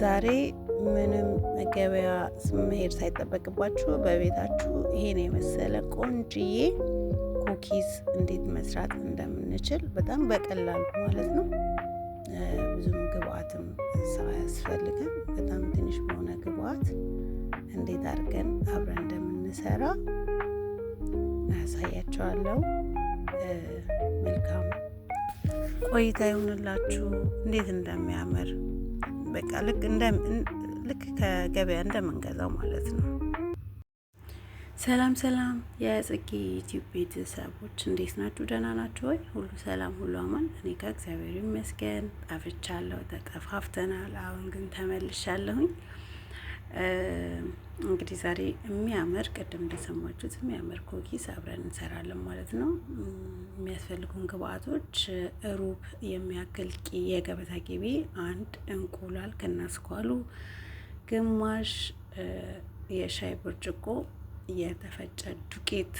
ዛሬ ምንም መገበያ መሄድ ሳይጠበቅባችሁ በቤታችሁ ይሄን የመሰለ ቆንጅዬ ኩኪስ እንዴት መስራት እንደምንችል በጣም በቀላሉ ማለት ነው። ብዙም ግብአትም ያስፈልግም በጣም ትንሽ በሆነ ግብአት እንዴት አድርገን አብረን እንደምንሰራ ያሳያቸዋለሁ። መልካም ቆይታ ይሁንላችሁ። እንዴት እንደሚያምር በቃ ልክ ከገበያ እንደምንገዛው ማለት ነው። ሰላም ሰላም፣ የጽጌ ዩቲዩብ ቤተሰቦች እንዴት ናችሁ? ደህና ናችሁ ወይ? ሁሉ ሰላም፣ ሁሉ አማን። እኔ ጋር እግዚአብሔር ይመስገን ጠፍቻለሁ፣ ተጠፋፍተናል። አሁን ግን ተመልሻለሁኝ። እንግዲህ ዛሬ የሚያምር ቅድም እንደሰማችሁት የሚያምር ኩኪስ አብረን እንሰራለን ማለት ነው። የሚያስፈልጉን ግብአቶች ሩብ የሚያክል የገበታ ቂቤ፣ አንድ እንቁላል ከናስኳሉ፣ ግማሽ የሻይ ብርጭቆ የተፈጨ ዱቄት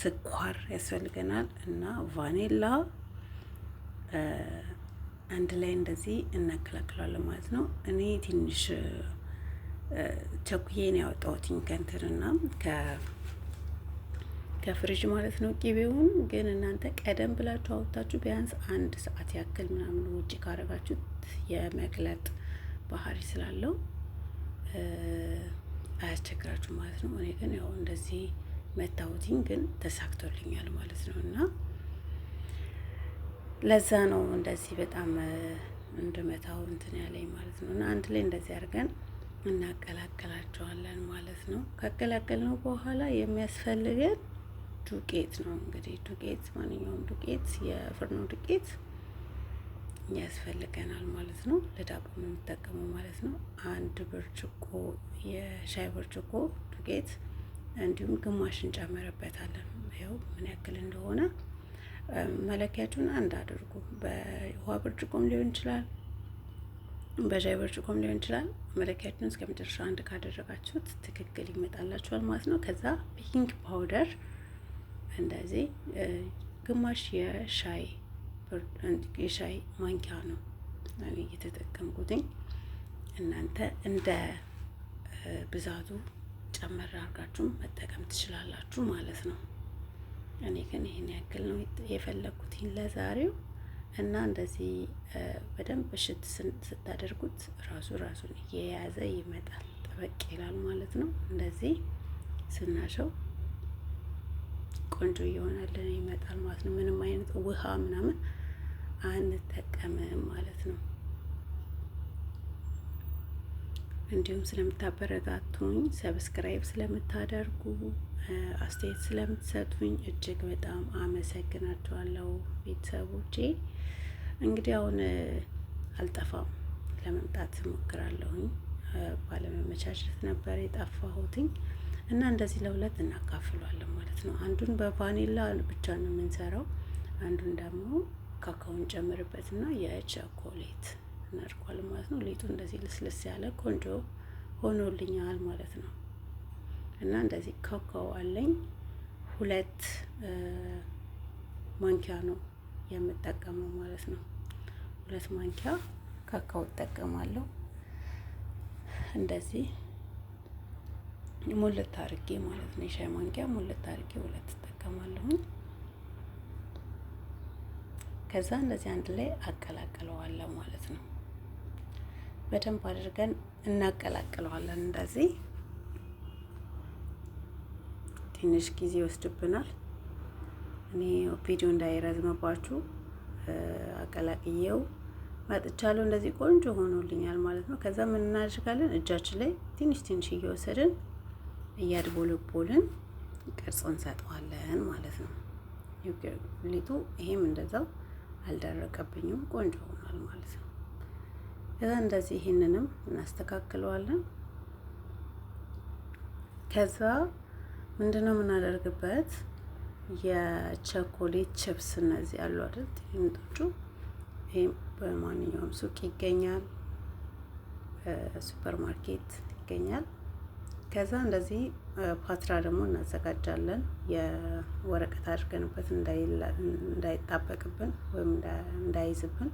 ስኳር ያስፈልገናል እና ቫኔላ አንድ ላይ እንደዚህ እናከላክለዋለን ማለት ነው። እኔ ትንሽ ቸኩዬን ያወጣሁትኝ ከ ከፍሪጅ ማለት ነው ቂቤውን። ግን እናንተ ቀደም ብላችሁ አወጣችሁ ቢያንስ አንድ ሰዓት ያክል ምናምን ውጭ ካረጋችሁት የመቅለጥ ባህሪ ስላለው አያስቸግራችሁ ማለት ነው። እኔ ግን ያው እንደዚህ መታወቲኝ ግን ተሳክቶልኛል ማለት ነው እና ለዛ ነው እንደዚህ በጣም እንድመታው እንትን ያለኝ ማለት ነው። እና አንድ ላይ እንደዚህ አድርገን እናቀላቀላቸዋለን ማለት ነው። ካቀላቀልነው በኋላ የሚያስፈልገን ዱቄት ነው። እንግዲህ ዱቄት፣ ማንኛውም ዱቄት፣ የፍርኖ ዱቄት ያስፈልገናል ማለት ነው። ለዳቦ የምንጠቀመው ማለት ነው። አንድ ብርጭቆ የሻይ ብርጭቆ ዱቄት እንዲሁም ግማሽ እንጨምርበታለን። ይኸው ምን ያክል እንደሆነ መለኪያችሁን አንድ አድርጉ። በውሃ ብርጭቆም ሊሆን ይችላል፣ በሻይ ብርጭቆም ሊሆን ይችላል። መለኪያችሁን እስከ መጨረሻ አንድ ካደረጋችሁት ትክክል ይመጣላችኋል ማለት ነው። ከዛ ቤኪንግ ፓውደር እንደዚህ ግማሽ የሻይ የሻይ ማንኪያ ነው እየተጠቀምኩትኝ። እናንተ እንደ ብዛቱ ጨመር አድርጋችሁ መጠቀም ትችላላችሁ ማለት ነው። እኔ ግን ይህን ያክል ነው የፈለግኩት ለዛሬው እና እንደዚህ በደንብ እሽት ስታደርጉት ራሱ ራሱን እየያዘ ይመጣል፣ ጠበቅ ይላል ማለት ነው። እንደዚህ ስናሸው ቆንጆ እየሆናለን ይመጣል ማለት ነው። ምንም አይነት ውሃ ምናምን አንጠቀምም ማለት ነው። እንዲሁም ስለምታበረታቱኝ ሰብስክራይብ ስለምታደርጉ አስተያየት ስለምትሰጡኝ እጅግ በጣም አመሰግናችኋለሁ ቤተሰቦቼ። እንግዲህ አሁን አልጠፋም፣ ለመምጣት እሞክራለሁኝ። ባለመመቻቸት ነበር የጠፋሁትኝ እና እንደዚህ ለሁለት እናካፍሏለን ማለት ነው። አንዱን በቫኒላ ብቻ ነው የምንሰራው፣ አንዱን ደግሞ ካካውን ጨምርበትና የቸኮሌት አድርጓል ማለት ነው። ሌጡ እንደዚህ ልስልስ ያለ ቆንጆ ሆኖልኛል ማለት ነው። እና እንደዚህ ካካው አለኝ ሁለት ማንኪያ ነው የምጠቀመው ማለት ነው። ሁለት ማንኪያ ካካው እጠቀማለሁ። እንደዚህ ሙልት አርጌ ማለት ነው። የሻይ ማንኪያ ሙልት አርጌ ሁለት እጠቀማለሁኝ። ከዛ እንደዚህ አንድ ላይ አቀላቅለዋለሁ ማለት ነው። በደንብ አድርገን እናቀላቅለዋለን። እንደዚህ ትንሽ ጊዜ ይወስድብናል። እኔ ቪዲዮ እንዳይረዝምባችሁ አቀላቅየው መጥቻለሁ። እንደዚህ ቆንጆ ሆኖልኛል ማለት ነው። ከዛ ምን እናደርጋለን? እጃችን ላይ ትንሽ ትንሽ እየወሰድን እያድቦልቦልን ቅርጽ እንሰጠዋለን ማለት ነው። ሊጡ ይሄም እንደዛው አልደረቀብኝም፣ ቆንጆ ሆኗል ማለት ነው። ከዛ እንደዚህ ይህንንም እናስተካክለዋለን። ከዛ ምንድነው የምናደርግበት የቸኮሌት ችፕስ እነዚህ ያሉ አይደል ይምጣጩ። ይሄ በማንኛውም ሱቅ ይገኛል፣ ሱፐር ማርኬት ይገኛል። ከዛ እንደዚህ ፓትራ ደግሞ እናዘጋጃለን። የወረቀት አድርገንበት እንዳይጣበቅብን ወይም እንዳይዝብን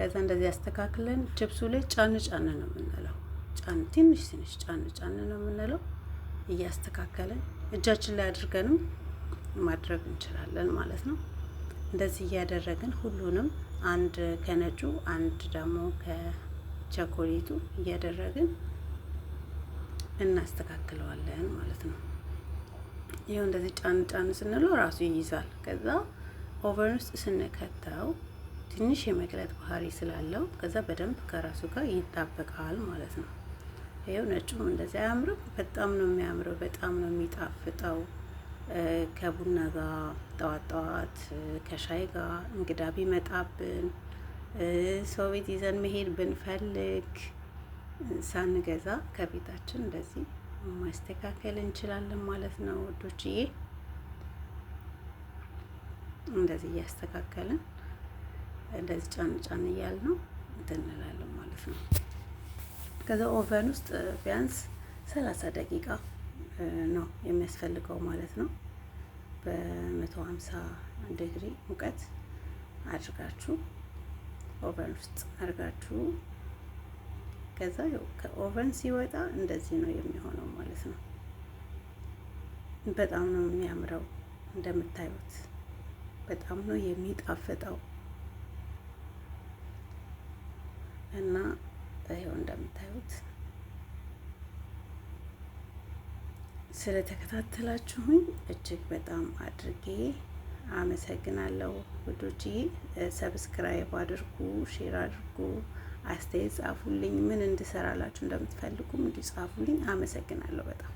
ከዛ እንደዚህ ያስተካክለን። ችብሱ ላይ ጫን ጫን ነው የምንለው። ጫን ትንሽ ትንሽ ጫን ጫን ነው የምንለው። እያስተካከለን እጃችን ላይ አድርገንም ማድረግ እንችላለን ማለት ነው። እንደዚህ እያደረግን ሁሉንም አንድ ከነጩ አንድ ደግሞ ከቸኮሌቱ እያደረግን እናስተካክለዋለን ማለት ነው። ይኸው እንደዚህ ጫን ጫን ስንለው ራሱ ይይዛል። ከዛ ኦቨን ውስጥ ስንከተው ትንሽ የመቅለጥ ባህሪ ስላለው ከዛ በደንብ ከራሱ ጋር ይጣበቃል ማለት ነው። ይኸው ነጩም እንደዚያ አያምርም? በጣም ነው የሚያምረው። በጣም ነው የሚጣፍጠው። ከቡና ጋር ጠዋት ጠዋት ከሻይ ጋር እንግዳ ቢመጣብን ሰው ቤት ይዘን መሄድ ብንፈልግ ሳንገዛ ከቤታችን እንደዚህ ማስተካከል እንችላለን ማለት ነው። ወዶችዬ እንደዚህ እያስተካከልን እንደዚህ ጫን ጫን እያል ነው እንትን እንላለን ማለት ነው። ከዛ ኦቨን ውስጥ ቢያንስ ሰላሳ ደቂቃ ነው የሚያስፈልገው ማለት ነው። በመቶ ሀምሳ ዲግሪ ሙቀት አድርጋችሁ ኦቨን ውስጥ አድርጋችሁ ከዛ ከኦቨን ሲወጣ እንደዚህ ነው የሚሆነው ማለት ነው። በጣም ነው የሚያምረው እንደምታዩት፣ በጣም ነው የሚጣፍጠው። እና ይኸው እንደምታዩት ስለተከታተላችሁኝ እጅግ በጣም አድርጌ አመሰግናለሁ ውዶቼ። ሰብስክራይብ አድርጉ፣ ሼር አድርጉ፣ አስተያየት ጻፉልኝ። ምን እንድሰራላችሁ እንደምትፈልጉም እንዲጻፉልኝ አመሰግናለሁ በጣም